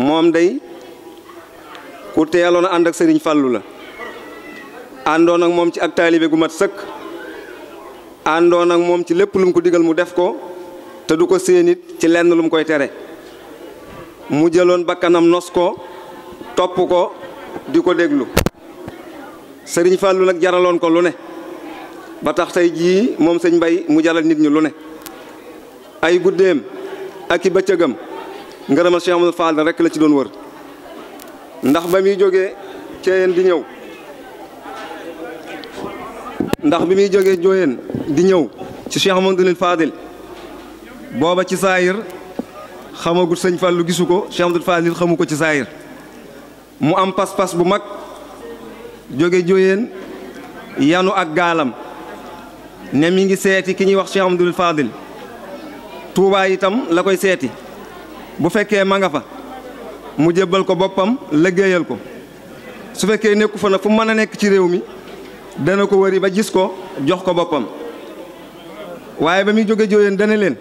mom day ku teyalon and ak serigne fallu la andon ak mom ci ak talibé gu mat sëkk andon ak mom ci lepp lu ko digal mu def ko te du ko ci lenn lu koy téré mu jëlon bakkanam nos ko ko diko deglu serigne fallu nak jaralon ko lu ne ba tax tay ji mom serigne bay mu jaral nit ñu lu ne ay guddem ak ngërëmal Cheikh Amadou Fall rek la ci doon wër ndax ba muy jógee di ñëw ndax bi muy jógee di ñëw ci Cheikh Amadou Fadil boba ci saayir xamagut seigne fallu gisuko Cheikh Amadou Fadil xamu ko ci saayir mu am pas pass bu mag joggé joyen yanu ak galam ne mi ngi séti ki ñi wax Cheikh Amadou Fadil Touba itam la koy séti bu fekkee ma nga fa mu jébbal ko boppam liggéeyal ko su fekkee nekku fa nag fu mën a nekk ci réew mi dana ko wëri ba gis ko jox ko boppam waaye ba muy jóge jóoyeen dana leen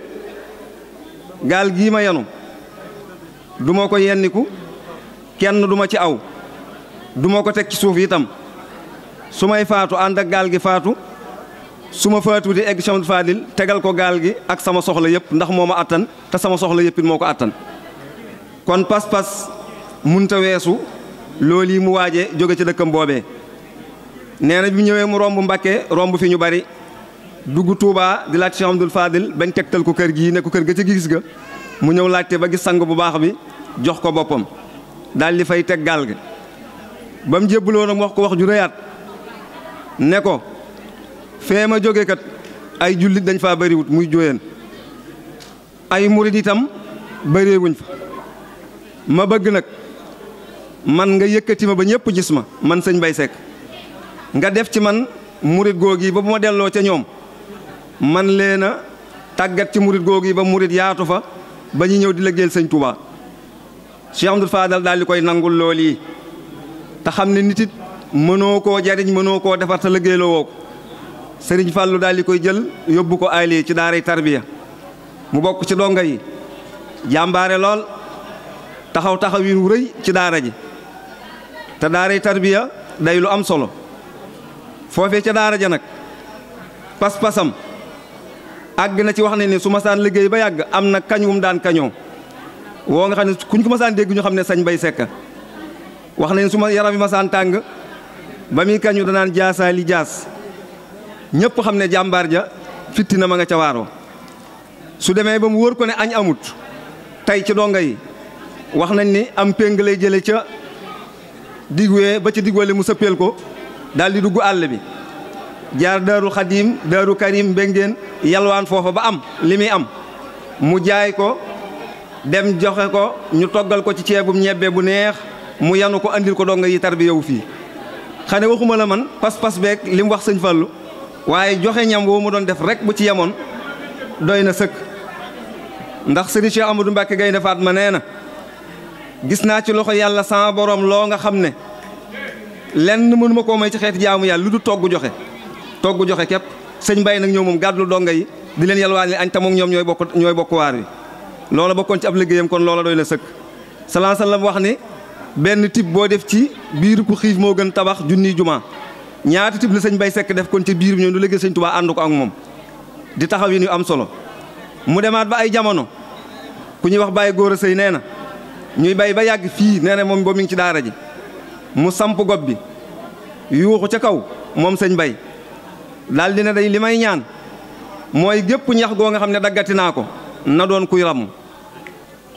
gaal gii ma yenu duma ko yenniku kenn duma ci aw duma ko teg ci suuf itam su may faatu ànd ak gaal gi faatu su ma faatu di egg Cheikh Fadil tegal ko gaal gi ak sama soxla yëpp ndax moo ma attan te sama soxla yëpp moo ko àttan kon pas-pas munta weesu loolu yi mu waaje jóge ci dëkkam boobee nee na bi ñëwee mu romb Mbàkke romb fi ñu bari dugg tuubaa di laaj Cheikh Amadou Fadil bañ tegtal ko kër gii ne ko kër ga ci gis ga mu ñëw laajte ba gis sang bu baax bi jox ko boppam daal di fay teg gaal gi ba mu jébbaloo nag wax ko wax ju rëyaat ne ko fee ma jóge kat ay jullit dañ faa bëriwut muy jóyeen ay murit itam bëreewuñ fa ma bëgg nag man nga yëkkati ma ba ñëpp gis ma man sëñ bay Seck nga def ci man murit gi ba bu ma delloo ca ñoom man leen a tàggat ci murit gi ba murit yaatu fa ba ñu ñëw di liggéeyal sëñ tubaa Cheikh Amadou Fadal daal di koy nangul lool yi te xam ne nitit it mënoo koo jariñ mënoo koo defar te liggéeyloo sëriñ Fàllu daal di koy jël yóbbu ko aali ci daaray tarbiya mu bokk ci donga yi jàmbaare lool taxaw taxawin wu rëy ci daara ji te daaray tarbiya day lu am solo foofee ca daara ja nag pas-pasam àgg na ci wax ne ni su masaan liggéey ba yàgg am na kañ kañum daan kañoo woo nga xam ne kuñ ko masaan dégg ñu xam ne sañ bay sekk wax nañ su ma yaram yi masaan tàng ba muy kañu danaan jaasaali jaas ñëpp xam ne jàmbaar ja fitti na ma nga ca waaroo su demee ba mu wóor ko ne añ amut tey ci donga yi wax nañ ni am péng lay jële ca digwee ba ci digwale mu sëppeel ko daal di dugg àll bi jaar daaru xadiim daaru karim mbéngeen yalwaan foofa ba am li muy am mu jaay ko dem joxe ko ñu toggal ko ci ceebum ñebbe bu neex mu yanu ko andil ko donga yi tarbiya wu fii xane waxuma la man pas-pas beeg li mu wax sëñ Fallou waaye joxe ñam woo mu doon def rek bu ci yemoon doy na sëkk ndax sëriñ Cheikh Amadou Mbacke Gaynde ma nee na gis naa ci loxo yàlla sama borom loo nga xam ne lenn mënu ma koo may ci xeeti jaamu yàlla lu du togg joxe togg joxe képp sëñ Baye nag ñoom moom gàddu donga yi di leen yalwaani añ tamoog ñoom ñooy bokk ñooy bokk waar wi loola bokkoon ci ab liggéeyam kon loola doy na sëkk salaam salaam wax ne benn tib boo def ci biir ku moo gën tabax junni jumaa ñaata tib la sëñ Bay Sekk def kon ci biir bi ñoom du liggéey sëñ Tuubaa ànd ko ak moom di taxaw yi ñu am solo mu demaat ba ay jamono ku ñuy wax bàyyi Góor a sëy nee na ñuy bay ba yàgg fii nee na moom boobu mi ngi ci daara ji mu samp gob bi yuuxu ca kaw moom sëñ Bay daal di ne day li may ñaan mooy gépp ñax goo nga xam ne daggati naa ko na doon kuy ramm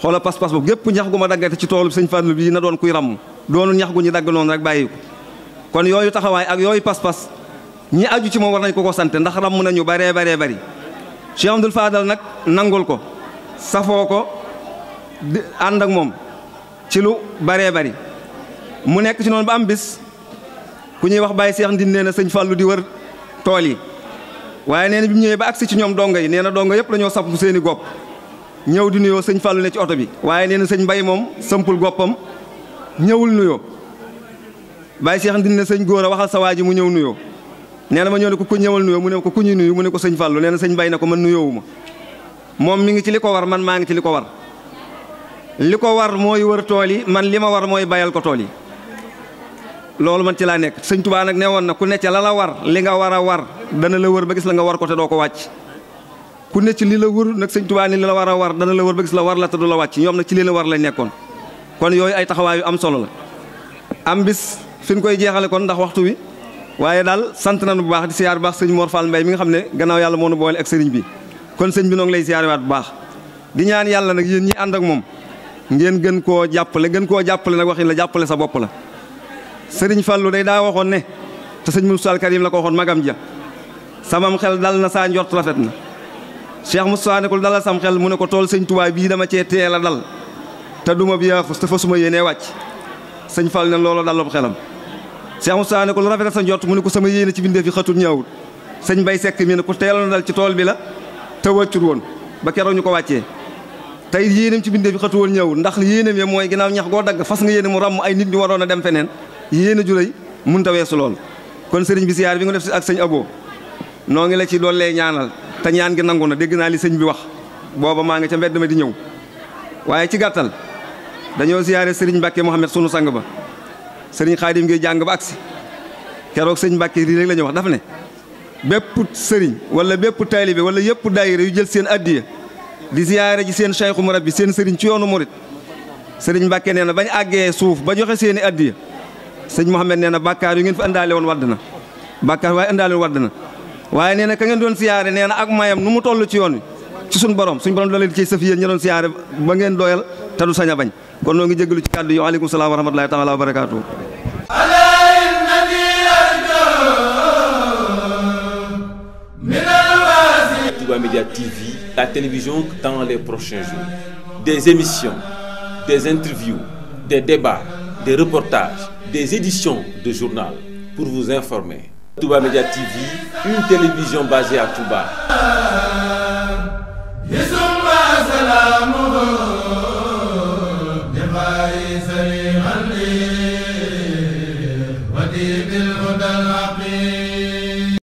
xoola pas-pas boobu gépp ñax gu ma daggati ci toolu sëñ Fàllu bii na doon kuy ramm doonu ñax gu ñu dagg noonu rek kon yooyu taxawaay ak yooyu pas-pas ñi aju ci moom war nañ ko ko sante ndax ramm nañu baree baree bari Cheikh Amadou Fadal nag nangul ko safoo ko ànd ak moom ci lu baree bari mu nekk ci noon ba am bis ku ñuy wax Baye Cheikh Ndine nee na sëñ Fallou di wër tool yi waaye nee na bi ñëwee ba agsi ci ñoom donga yi nee na donga yëpp la ñoo samp seen i gopp ñëw di nuyoo sëñ Fallou ne ci oto bi waaye nee na sëñ mbay moom sëmpul goppam ñëwul nuyoo bàyyi seex ndindi ne sëñ góor a waxal sa waa mu ñëw nuyoo nee na ma ñëw ne ko ku ñëwal nuyoo mu ne ko ku ñuy nuyu mu ne ko sëñ Fallou nee sëñ bay na ko man nuyoowu ma moom mi ngi ci li ko war man maa ngi ci li ko war li ko war mooy wër tool yi man li ma war mooy bayal ko tool yi loolu man ci laa nekk sëñ Tuubaa nag ne woon na ku ne ca la la war li nga war a war dana la wër ba gis la nga war ko te doo ko wàcc ku ne ci li la wër nag sëñ Tuubaa ni li la war a war dana la wër gis la war la te du la wàcc ñoom nag ci li la kon yooyu ay taxawaay yu am solo fi koy jeexale kon ndax waxtu wi waaye daal sant nañu bu baax di siyaar baax sëñ Mor Fall mbay mi nga xam ne gannaaw yàlla moo nu boole ak sëriñ bi kon sëñ bi noo ngi lay siyaarewaat bu baax di ñaan yàlla nag yéen ñi ànd ak moom ngeen gën koo jàppale gën koo jàppale nag waxin la jàppale sa bopp la sëriñ Fallou day daa waxoon ne te sëñ Moustapha Karim la ko waxoon magam ja samam xel dal na saa njort rafet na Cheikh Moustapha ne ko dalal sam xel mu ne ko tool sëñ bii dama cee teel a dal te duma bi yaafus te fa suma yéenee wàcc sëñ Fall ne loolu dalob xelam Cheikh Moussa ne ko lu rafet sa njort mu ne ko sama yéene ci bindee fi xatul ñaawut sëñ Bay Sekk mi ne ko teeloon dal ci tool bi la te wàccul woon ba keroog ñu ko wàccee tey yéeneem ci bindee fi xatu woon ñëwul ndax yéeneem ya mooy ginaaw ñax goo dagg fas nga yéene mu ràmm ay nit ñu waroon a dem feneen yéene ju rëy mun ta lool kon sëriñ bi siyaar bi nga def si ak sëñ aboo noo ngi la ci loolu lay ñaanal te gi nangu na dégg naa li sëñ bi wax booba maa nga ca mbedd ma di ñëw waaye ci gàttal dañoo siyaare sëriñ Mbàkke Mohamed sunu sang ba sëriñ xaadim ngi jàng ba si keroog sëñ Mbàkke lii rek la ñu wax dafa ne bépp sëriñ wala bépp taalibe wala yëpp daayira yu jël seen addiya di ziyaare ji seen sayxu bi seen sëriñ ci yoonu murit sëriñ Mbàkke nee bañ àggee suuf ba joxe seeni i addiya sëñ Mouhamed nee bakkaar bàkkaar yu ngeen fi andaale woon wadd na bàkkaar waaye andaale woon wadd na waaye nee na ka ngeen doon siyaare nee ak mayam nu mu toll ci yoon wi ci suñ borom suñ borom doo leen yéen ñi doon siyaare ba ngeen doyal bañ kon Média TV, la télévision dans les prochains jours. Des émissions, des interviews, des débats, des reportages, des éditions de journal pour vous informer. Touba Media TV, une télévision basée à Touba. sorry.